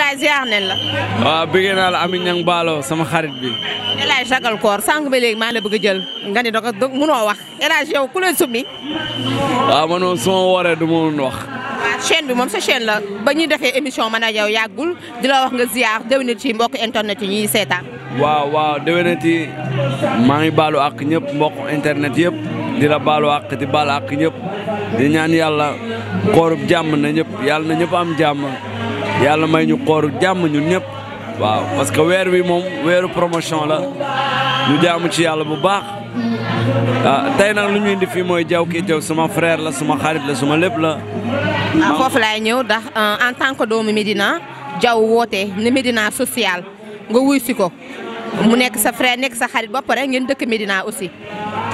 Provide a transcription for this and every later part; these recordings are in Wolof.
waa ziar waaw bëggee naa la Ami Ñang Baalo sama xarit bi. Elaj sagal sànq ba léegi la bëgg a jël nga ni doog a wax Elaj yow ku lay du ma wax. waaw chaîne bi moom sa chaîne la ba ñuy defee émission man ak yow yàggul di wax nga ziar déwénit ci mbokk internet yi ñuy seetaan. waaw waa déwénit yi maa ngi baalu ak ñëpp mbokk internet yëpp di la baalu ak di baalu ñaan yàlla koorub jàmm na ñëpp yàlla na ñëpp am jàmm. yàlla may ñu kooru jàmm ñun ñëpp waaw parce que weer wi moom weeru promotion la mu jaamu ci yàlla bu baax ah tey nag lu ñu indi fii mooy Diaw Kitew suma frère la suma xarit la suma lépp la. ah foofu laay ñëw dax euh, en tant que doomu Medina Diaw woote ne Medina social nga wuy si ko mu nekk sa frère nekk sa xarit ba pare ngeen dëkk Medina aussi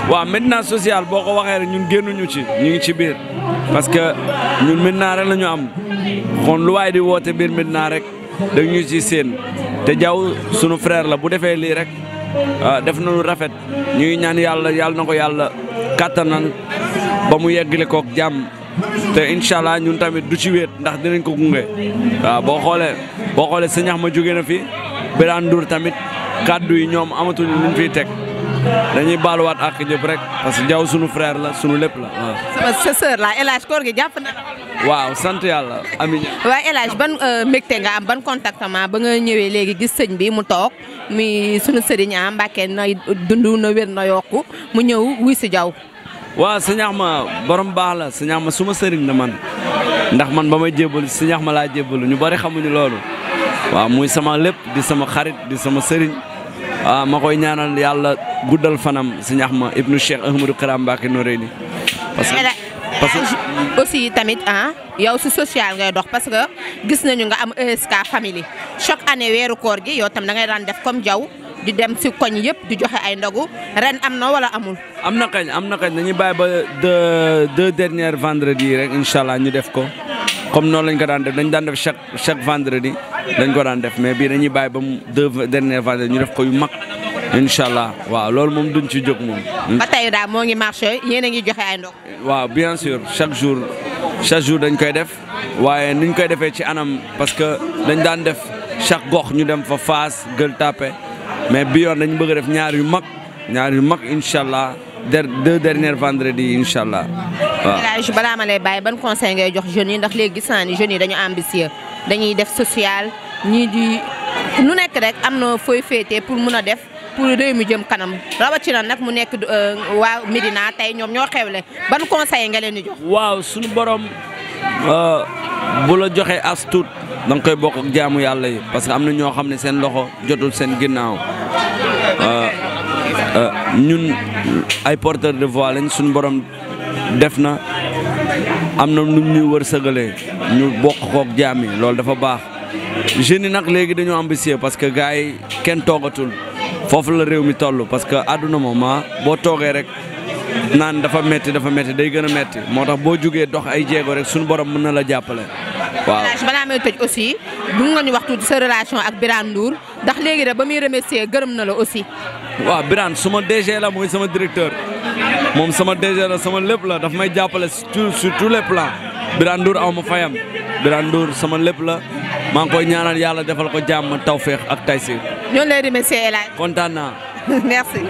waaw Médina social boo ko waxee rek ñun génnuñu ci ñu ngi ci biir parce que ñun Médina rek la am kon lu waay di woo te biir Médina rek da ñu ci seen te jaww sunu frère la bu defee lii rek ah, def na lu rafet ñu ngi ñaan yàlla yàlla na ko yàlla kàttanan ba mu yegg yeggale kook jàmm te incha allah ñun tamit du ci wéet ndax dinañ ko gunge waaw boo xoolee boo xoolee sëñax ma jóge na fi Birane Ndour tamit kàddu yi ñoom amatuñu luñ fiy teg. dañuy baaluwaat ak ñëpp rek parce que jaww sunu frère la sunu lépp la waaw. sama sa la El koor gi jàpp na. waaw sant yàlla Amina. waaw El Hadj ban euh, mbégte nga am ban contactement ba nga ñëwee léegi gis sëñ bi mu toog muy sunu sëriñ am ah, Mbàkke nay dund na wér na yokku mu ñëw wuy si jaww. waaw sëñ ma borom baax la sëñ Axma suma sëriñ la man ndax man ba may jébbalu sëñ ma laa jébbalu ñu bari xamuñu loolu waaw muy sama lépp di sama xarit di sama sëriñ. ah ma koy ñaanal yàlla guddal fanam si ñax ma ibnu Cheikh Ahmadou Karam Mbacké Noreyni parce que parce que ah, aussi tamit ah yow si social ngay dox parce que gis nañu nga am ESK famille chaque année weeru koor gi yow tamit da ngay daan def comme jaw di dem si koñ yëpp di joxe ay ndogu ren am na wala amul. am na kañ am na kañ dañuy bàyyi ba deux deux derniers vendredis rek incha allah ñu def ko. comme noonu lañ ko daan def dañ daan def chaque chaque vendredi dañ ko daan def mais bii dañuy bàyyi ba mu deux dernier vendredi ñu def ko yu mag incha allah waaw loolu moom duñ ci jog moom. Hmm? ba tey daal moo ngi marché yéen a ngi joxe ay ndox. waaw bien sûr chaque jour chaque jour dañ koy def waaye niñ koy defee ci anam parce que dañ daan def chaque gox ñu dem fa Fass Gueule Tapée mais bi yoon dañ bëgg def ñaar yu mag ñaar yu mag incha allah der deux dernier vendredi incha allah. village balaa ma lay bàyyi ban conseil ngay jox jeunes yi ndax léegi gis naa ni jeunes yi dañu ambitieux dañuy def social ñii di nu nekk rek am na fooy féete pour mun a def pour réew mi jëm kanam rawatina nag mu nekk euh, waa Médina tey ñoom ñoo xewle ban conseil nga leen di jox. waaw suñu borom euh, bu la joxee as tuut da nga koy bokk ak jaamu yàlla yi parce que am na ñoo xam ne seen loxo jotul seen ginnaaw. Euh, ñun ay porteur de voix lañ suñu borom def na am na nu ñuy wër sëgalee ñu bokk kook jaam yi loolu dafa baax jeunes yi nag léegi dañoo ambitieux parce que gars yi kenn toogatul foofu la réew mi toll parce que àdduna moom ah boo toogee rek naan dafa metti dafa metti day gën a metti moo tax boo jugee dox ay jéego rek suñu borom mën na la jàppale waaw. balaa may tëj aussi bu nga ñu wax tuuti sa relation ak Birane nduur ndax léegi rek ba muy remercier gërëm na la aussi. waaw Birane suma DG la mooy sama directeur moom sama DG la sama lépp la daf may jàppale surtout tous les plans Birane Ndour aw ma fayam Birane Ndour sama lépp la maa ngi koy ñaanal yàlla defal ko jàmm tawféex ak taysir. ñoo ngi lay remercier El kontaan naa. merci.